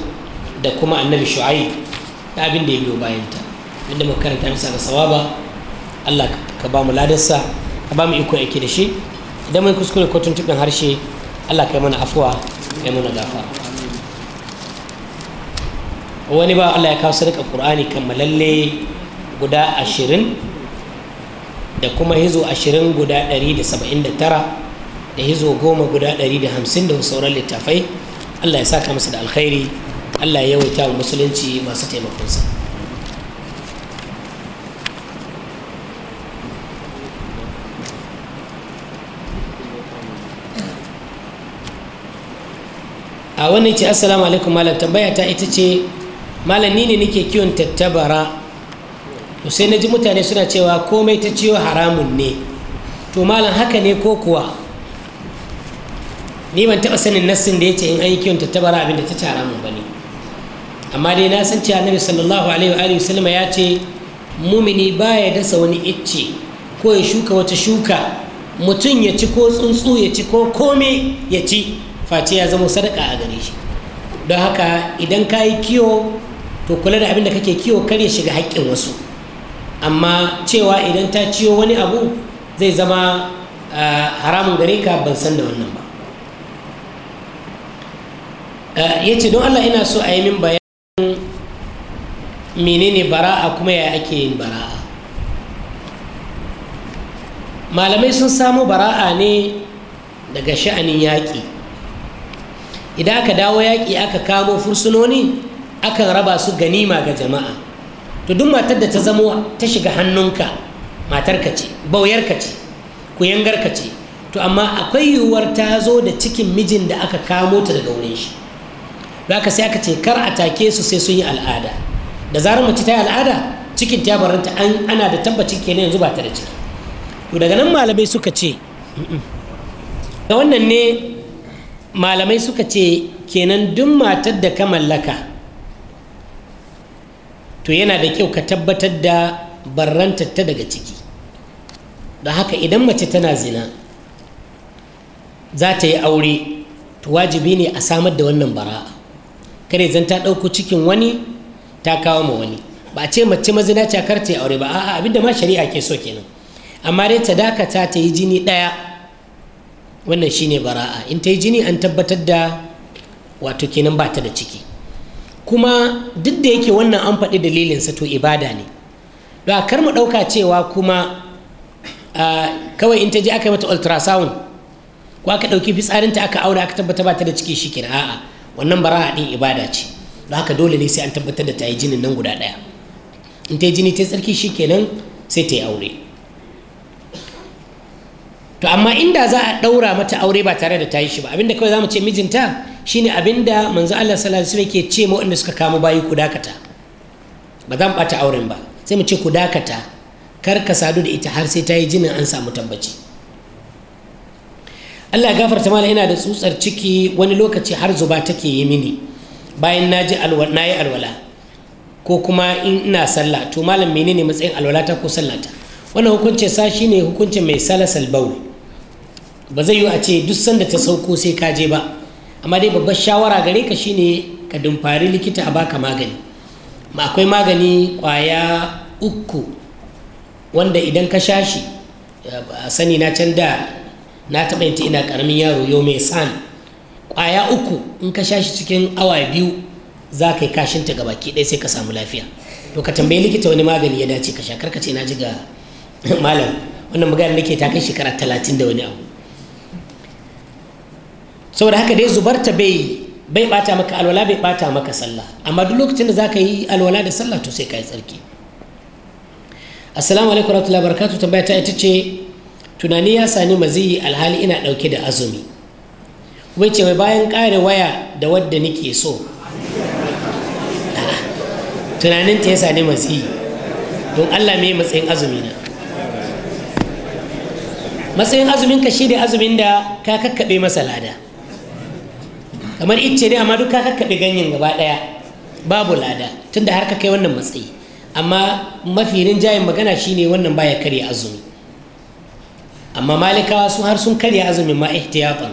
da kuma annabi shu'ai da abin da ya biyo bayanta inda muka karanta bisa ga sawaba allah ka ba mu ladarsa ka ba mu ikon aiki da shi idan mun kuskure ko harshe allah ka yi mana afuwa ka yi mana gafa wani ba allah ya kawo sadaka qur'ani kammalalle guda ashirin da kuma hizo ashirin guda ɗari da saba'in da tara da hizo goma guda ɗari da hamsin da sauran littafai allah ya saka masa da alkhairi allah ya yawaita wa musulunci masu taimakonsa a wannan ce assalamu alaikum malam tambaya ta ita ce malam ni ne nake kiwon tattabara to sai na ji mutane suna cewa komai ta ciwo haramun ne to malam haka ne ko kuwa ni ban taɓa sanin nassin da ya ce in an yi kiwon tattabara abin da ta ci mun ba ne amma dai na san cewa annabi sallallahu alaihi wa sallama ya ce mumini ya dasa wani icce ko ya shuka wata shuka mutum ya ci ko tsuntsu ya ci ko kome ya ci face ya zama sadaka a gare shi don haka idan ka yi kiwo to kula da abin da kake kiwo kar ya shiga haƙƙin wasu amma cewa idan ta ciyo wani abu zai zama ah, haramun gare ka ban san da wannan ba Eh, ya ce don allah ina so a yi min bayanin menene bara'a kuma ya ake yin bara'a malamai sun samu bara'a ne daga sha'anin yaƙi idan aka dawo yaƙi aka kamo fursunoni akan raba su ganima ga jama'a to duk matar da ta zamo ta shiga hannunka matar ka ce ka ce ka ce to amma akwai yiwuwar ta zo da cikin mijin da aka kamo ta daga wurin shi za ka sai aka ce kar a take su sai sun yi al'ada da zarar mace ta yi al'ada cikin ta baranta ana da tabbacin kenan yanzu ba ta da ciki to daga nan malamai suka ce da wannan ne malamai suka ce kenan duk matar da ka mallaka to yana da kyau ka tabbatar da barantar ta daga ciki da haka idan mace tana zina za ta yi aure to wajibi ne a samar da wannan bara'a kare zan ta ɗauko cikin wani ta kawo ma wani ba a ce mace mazinaciya cakar ta yi aure ba a'a abinda ma shari'a ke so kenan amma dai ta dakata ta yi jini ɗaya wannan shine bara'a in ta yi jini an tabbatar da wato kenan ba ta da ciki kuma duk da yake wannan an faɗi sa to ibada ne don kar mu ɗauka cewa kuma kawai in ta je aka yi mata ultrasound ko aka ɗauki fitsarinta aka aure aka tabbata ba ta da ciki shi kenan a'a wannan a ɗin ibada ce don haka dole ne sai an tabbatar da ta yi jinin nan guda ɗaya in ta yi jini ta yi tsarki shi kenan sai ta yi aure to amma inda za a ɗaura mata aure ba tare da ta yi shi ba abinda kawai za mu ce mijinta shine abinda manzo Allah sallallahu alaihi wasallam ke ce ma waɗanda suka kama bayi ku dakata ba za mu ɓata auren ba sai mu ce ku dakata kar ka sadu da ita har sai ta yi jinin an samu tabbaci Allah ya gafarta mana ina da tsutsar ciki wani lokaci har zuba take yi mini bayan na ji yi alwala ko kuma in ina sallah to malam menene matsayin alwalata ko sallata wannan hukuncin sa shine hukuncin mai salasal baul ba zai yi a ce duk sanda ta sauko sai ka je ba amma dai babbar shawara gare ka shine ka dumfari likita a baka magani ma akwai magani kwaya uku wanda idan ka sha shi a sani na can da na taɓa yanta ina ƙaramin yaro yau mai san ƙwaya uku in ka sha shi cikin awa biyu za ka yi kashinta ga baki ɗaya sai ka samu lafiya to ka tambayi likita wani magani ya dace ka sha karka ce na ji ga malam wannan magana nake ta kai shekara talatin da wani abu saboda haka dai zubar bai bai bata maka alwala bai bata maka sallah amma duk lokacin da za ka yi alwala da sallah to sai ka yi tsarki assalamu alaikum warahmatullahi wabarakatuh tambaya ta ita ce tunani ya sani maziyi alhali ina ɗauke da azumi kuma ce mai bayan ƙare waya da wadda nake so tunaninta ya sani maziyi don allah mai matsayin azumi na matsayin azumin ka shi da azumin da ka kakkaɓe masa lada kamar icce ne amma duk ka kakkaɓe ganyen gaba ɗaya babu lada tunda har ka kai wannan matsayi amma mafi rinjayen magana shine wannan baya karya azumi amma malikawa sun har sun karya azumin ma ihtiyatan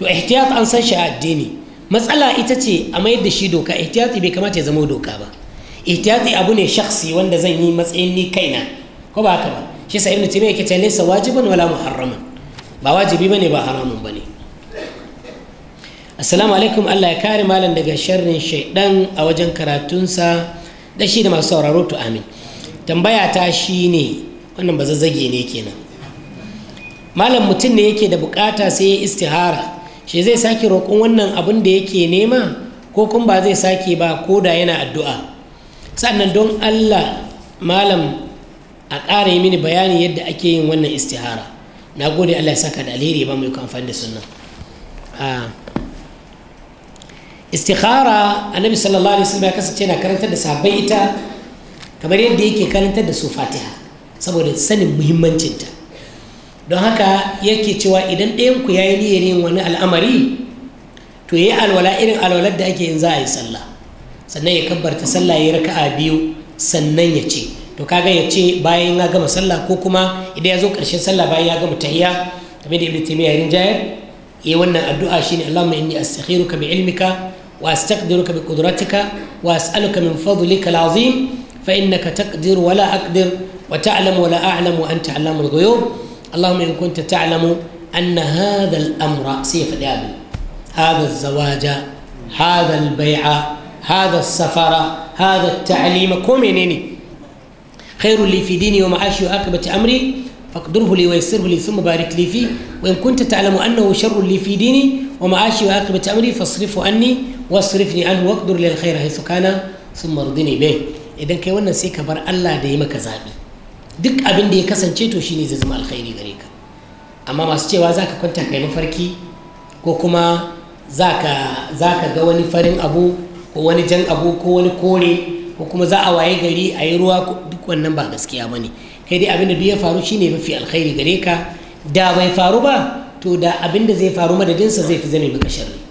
to ihtiyat an san shi a addini matsala ita ce a mayar da shi doka ihtiyati bai kamata ya zama doka ba ihtiyati abu ne shakhsi wanda zan yi matsayin ni kaina ko ba haka ba shi sa ibnu taymiya yake cewa laysa wajiban wala muharraman ba wajibi bane ba haramun bane assalamu alaikum Allah ya kare malam daga sharrin shaidan a wajen karatunsa da shi da masu sauraro to amin tambaya ta shine wannan ba zazzage ne kenan malam mutum ne yake da bukata sai ya istihara shi zai sake roƙon wannan abin da yake nema ko kuma ba zai sake ba ko da yana addu'a sannan don allah malam a ƙara yi mini bayani yadda ake yin wannan istihara na gode allah saka da alheri ba mu yi da sunan istihara annabi sallallahu alaihi wasallam ya kasance na karantar da sabai ita kamar yadda yake karantar da su fatiha saboda sanin muhimmancinta don haka yake cewa idan ɗayanku ya yi niyyar yin wani al'amari to ya yi alwala irin alwalar da ake yin za a yi sallah sannan ya kabbarta sallah ya raka'a biyu sannan ya ce to kaga ya ce bayan ya gama sallah ko kuma idan ya zo ƙarshen sallah bayan ya gama tahiya kamar da ibnu taymiya ya rinjayar yi wannan addu'a shine allahumma inni astakhiruka bi ilmika wa astaqdiruka bi qudratika wa as'aluka min fadlika al'azim fa innaka taqdiru wa la aqdir wa ta'lamu wa la a'lamu wa anta 'allamul ghuyub اللهم إن كنت تعلم أن هذا الأمر سيف دابل هذا الزواج هذا البيع هذا السفر هذا التعليم كومينيني خير لي في ديني ومعاشي وعاقبة أمري فاقدره لي ويسره لي ثم بارك لي فيه وإن كنت تعلم أنه شر لي في ديني ومعاشي وعاقبة أمري فاصرفه عني واصرفني عنه واقدر لي الخير حيث كان ثم ارضني به إذا كي wannan بر الله bar Allah duk abin da ya kasance to shine zai zama alkhairi gare ka amma masu cewa za ka kwanta kai mafarki ko kuma za ka ga wani farin abu ko wani jan abu ko wani kore ko kuma za a waye gari a yi ruwa duk wannan ba gaskiya ba ne kai dai abin da duk ya faru shine mafi alkhairi gare ka da bai faru ba to da abin da zai faru madadinsa zai fi zane maka sharri